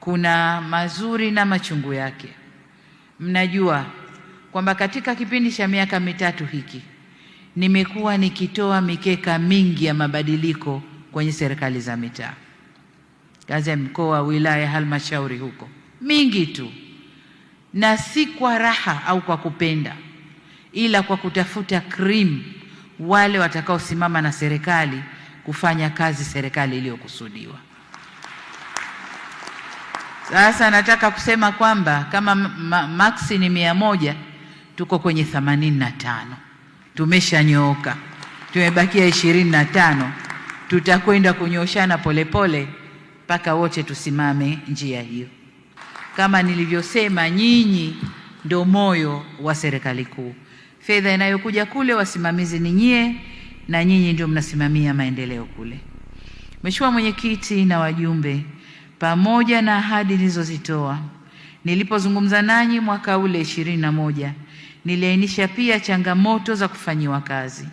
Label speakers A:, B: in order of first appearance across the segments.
A: kuna mazuri na machungu yake. Mnajua kwamba katika kipindi cha miaka mitatu hiki nimekuwa nikitoa mikeka mingi ya mabadiliko kwenye serikali za mitaa, kazi ya mkoa, wilaya, halmashauri huko, mingi tu, na si kwa raha au kwa kupenda, ila kwa kutafuta cream, wale watakaosimama na serikali kufanya kazi serikali iliyokusudiwa. Sasa nataka kusema kwamba kama maxi ni mia moja tuko kwenye themanini na tano tumeshanyooka, tumebakia ishirini na tano tutakwenda kunyoshana polepole mpaka wote tusimame njia hiyo. Kama nilivyosema, nyinyi ndio moyo wa serikali kuu. Fedha inayokuja kule, wasimamizi ni nyie, na nyinyi ndio mnasimamia maendeleo kule. Mheshimiwa Mwenyekiti na wajumbe pamoja na ahadi nilizozitoa nilipozungumza nanyi mwaka ule ishirini na moja. Niliainisha pia changamoto za kufanyiwa kazi.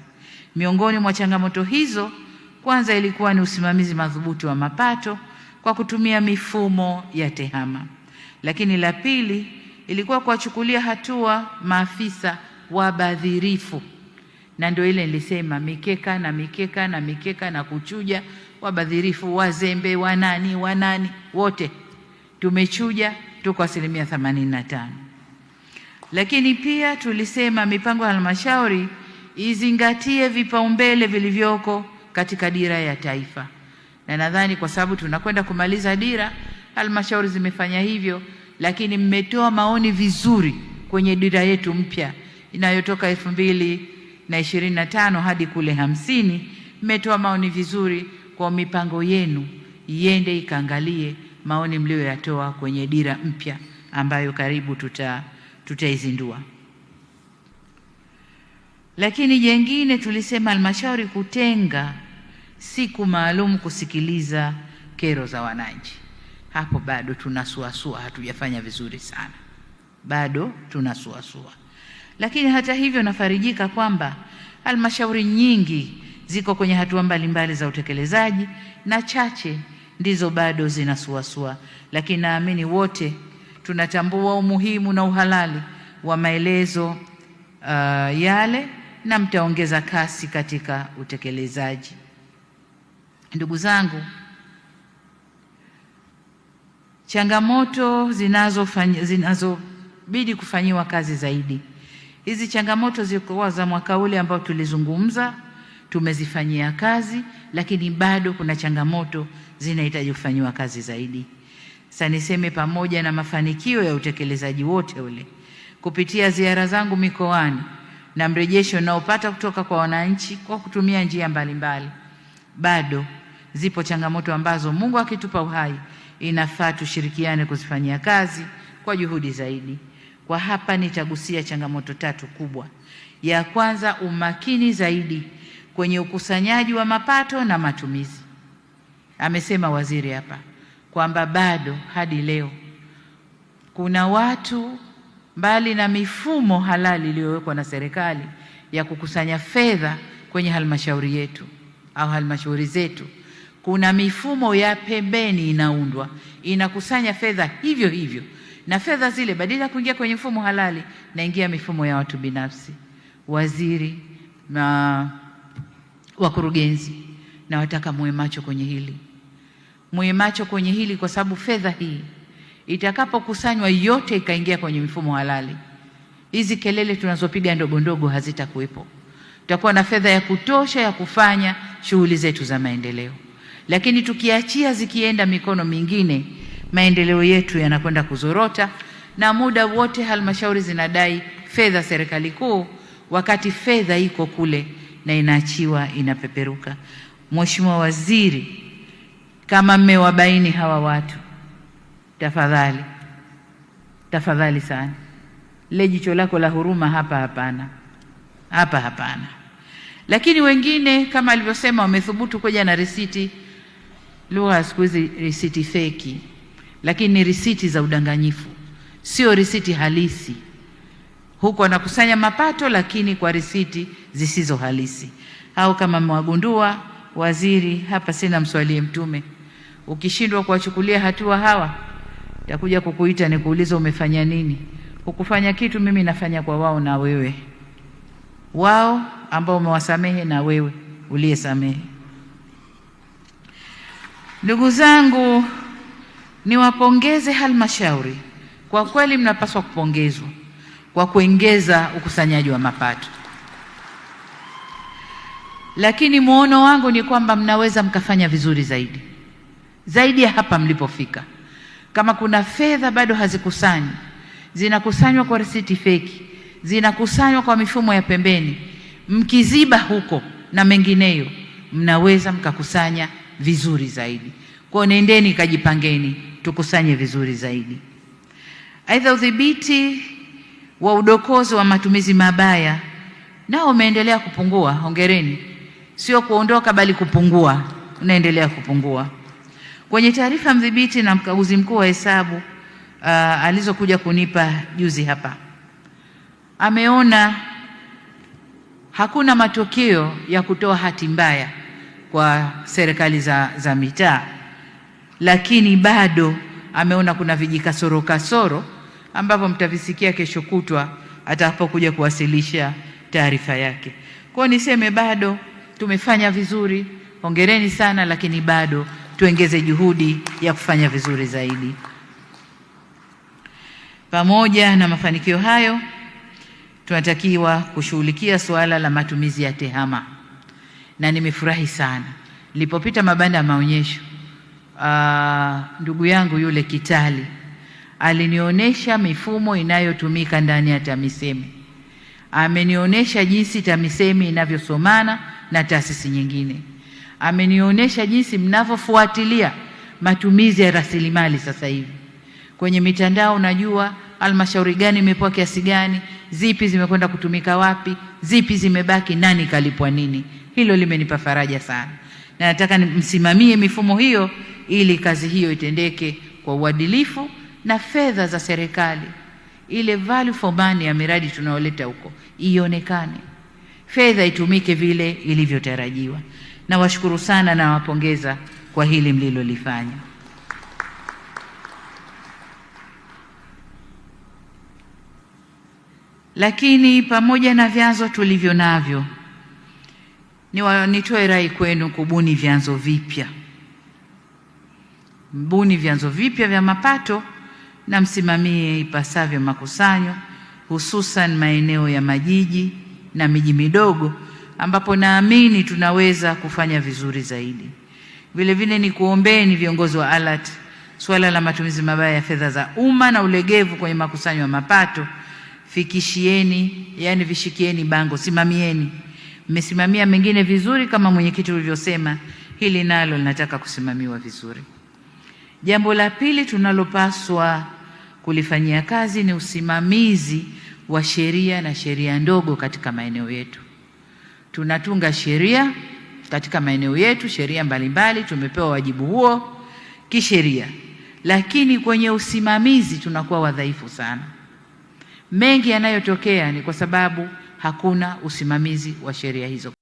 A: Miongoni mwa changamoto hizo, kwanza ilikuwa ni usimamizi madhubuti wa mapato kwa kutumia mifumo ya tehama, lakini la pili ilikuwa kuwachukulia hatua maafisa wabadhirifu, na ndio ile nilisema mikeka na mikeka na mikeka na kuchuja wabadhirifu, wazembe, wanani wanani, wote tumechuja, tuko asilimia 85. Lakini pia tulisema mipango ya halmashauri izingatie vipaumbele vilivyoko katika dira ya taifa, na nadhani kwa sababu tunakwenda kumaliza dira, halmashauri zimefanya hivyo, lakini mmetoa maoni vizuri kwenye dira yetu mpya inayotoka elfu mbili na ishirini na tano hadi kule hamsini. Mmetoa maoni vizuri kwa mipango yenu iende ikaangalie maoni mlioyatoa kwenye dira mpya ambayo karibu tuta tutaizindua. Lakini jengine tulisema halmashauri kutenga siku maalum kusikiliza kero za wananchi. Hapo bado tunasuasua, hatujafanya vizuri sana, bado tunasuasua. Lakini hata hivyo, nafarijika kwamba halmashauri nyingi ziko kwenye hatua mbalimbali za utekelezaji na chache ndizo bado zinasuasua, lakini naamini wote tunatambua umuhimu na uhalali wa maelezo uh, yale na mtaongeza kasi katika utekelezaji. Ndugu zangu, changamoto zinazobidi kufanyiwa kazi zaidi, hizi changamoto zilikuwa za mwaka ule ambao tulizungumza tumezifanyia kazi, lakini bado kuna changamoto zinahitaji kufanyiwa kazi zaidi. Sasa niseme pamoja na mafanikio ya utekelezaji wote ule, kupitia ziara zangu mikoani na mrejesho naopata kutoka kwa wananchi kwa kutumia njia mbalimbali mbali, bado zipo changamoto ambazo Mungu akitupa uhai inafaa tushirikiane kuzifanyia kazi kwa juhudi zaidi. Kwa hapa nitagusia changamoto tatu kubwa. Ya kwanza, umakini zaidi kwenye ukusanyaji wa mapato na matumizi. Amesema waziri hapa kwamba bado hadi leo kuna watu mbali na mifumo halali iliyowekwa na serikali ya kukusanya fedha kwenye halmashauri yetu au halmashauri zetu, kuna mifumo ya pembeni inaundwa inakusanya fedha hivyo hivyo, na fedha zile badala ya kuingia kwenye mfumo halali naingia mifumo ya watu binafsi. Waziri na Wakurugenzi, nawataka muwe macho kwenye hili, muwe macho kwenye hili, kwa sababu fedha hii itakapokusanywa yote ikaingia kwenye mifumo halali, hizi kelele tunazopiga ndogo ndogo hazitakuwepo. Tutakuwa na fedha ya kutosha ya kufanya shughuli zetu za maendeleo, lakini tukiachia zikienda mikono mingine, maendeleo yetu yanakwenda kuzorota, na muda wote halmashauri zinadai fedha serikali kuu, wakati fedha iko kule na inaachiwa inapeperuka. Mheshimiwa Waziri, kama mmewabaini hawa watu, tafadhali tafadhali sana, lile jicho lako la huruma hapa hapana, hapa hapana. Lakini wengine kama alivyosema, wamethubutu kuja na risiti. Lugha ya siku hizi risiti feki, lakini ni risiti za udanganyifu, sio risiti halisi huku wanakusanya mapato lakini kwa risiti zisizo halisi. Au kama mwagundua, waziri hapa, sina mswalie Mtume, ukishindwa kuwachukulia hatua hawa, takuja kukuita nikuuliza umefanya nini. Hukufanya kitu, mimi nafanya kwa wao na wewe, wao ambao umewasamehe na wewe uliyesamehe. Ndugu zangu, niwapongeze halmashauri, kwa kweli mnapaswa kupongezwa wa kuongeza ukusanyaji wa mapato. Lakini muono wangu ni kwamba mnaweza mkafanya vizuri zaidi zaidi ya hapa mlipofika. Kama kuna fedha bado hazikusanywi, zinakusanywa kwa risiti feki, zinakusanywa kwa mifumo ya pembeni, mkiziba huko na mengineyo, mnaweza mkakusanya vizuri zaidi. Kwa nendeni, kajipangeni, tukusanye vizuri zaidi. Aidha, udhibiti wa udokozi wa matumizi mabaya nao umeendelea kupungua. Hongereni, sio kuondoka bali kupungua, unaendelea kupungua. Kwenye taarifa mdhibiti na mkaguzi mkuu wa hesabu uh, alizokuja kunipa juzi hapa, ameona hakuna matokeo ya kutoa hati mbaya kwa serikali za, za mitaa, lakini bado ameona kuna vijikasoro kasoro ambavyo mtavisikia kesho kutwa atakapokuja kuwasilisha taarifa yake. Kwa hiyo niseme bado tumefanya vizuri, hongereni sana, lakini bado tuongeze juhudi ya kufanya vizuri zaidi. Pamoja na mafanikio hayo, tunatakiwa kushughulikia suala la matumizi ya tehama, na nimefurahi sana nilipopita mabanda ya maonyesho, ndugu yangu yule Kitali alinionyesha mifumo inayotumika ndani ya TAMISEMI, amenionyesha jinsi TAMISEMI inavyosomana na taasisi nyingine, amenionyesha jinsi mnavyofuatilia matumizi ya rasilimali. Sasa hivi kwenye mitandao najua halmashauri gani imepewa kiasi gani, zipi zimekwenda kutumika wapi, zipi zimebaki, nani kalipwa nini. Hilo limenipa faraja sana, na nataka msimamie mifumo hiyo ili kazi hiyo itendeke kwa uadilifu na fedha za serikali, ile value for money ya miradi tunayoleta huko ionekane, fedha itumike vile ilivyotarajiwa. Nawashukuru sana, nawapongeza kwa hili mlilolifanya. Lakini pamoja na vyanzo tulivyo navyo, nitoe rai kwenu kubuni vyanzo vipya, mbuni vyanzo vipya vya mapato na msimamie ipasavyo makusanyo, hususan maeneo ya majiji na miji midogo ambapo naamini tunaweza kufanya vizuri zaidi. Vilevile ni kuombeni viongozi wa ALAT, suala la matumizi mabaya ya fedha za umma na ulegevu kwenye makusanyo ya mapato fikishieni, yani vishikieni bango, simamieni. Mmesimamia mengine vizuri, kama mwenyekiti ulivyosema, hili nalo linataka kusimamiwa vizuri. Jambo la pili tunalopaswa kulifanyia kazi ni usimamizi wa sheria na sheria ndogo katika maeneo yetu. Tunatunga sheria katika maeneo yetu, sheria mbalimbali, tumepewa wajibu huo kisheria, lakini kwenye usimamizi tunakuwa wadhaifu sana. Mengi yanayotokea ni kwa sababu hakuna usimamizi wa sheria hizo.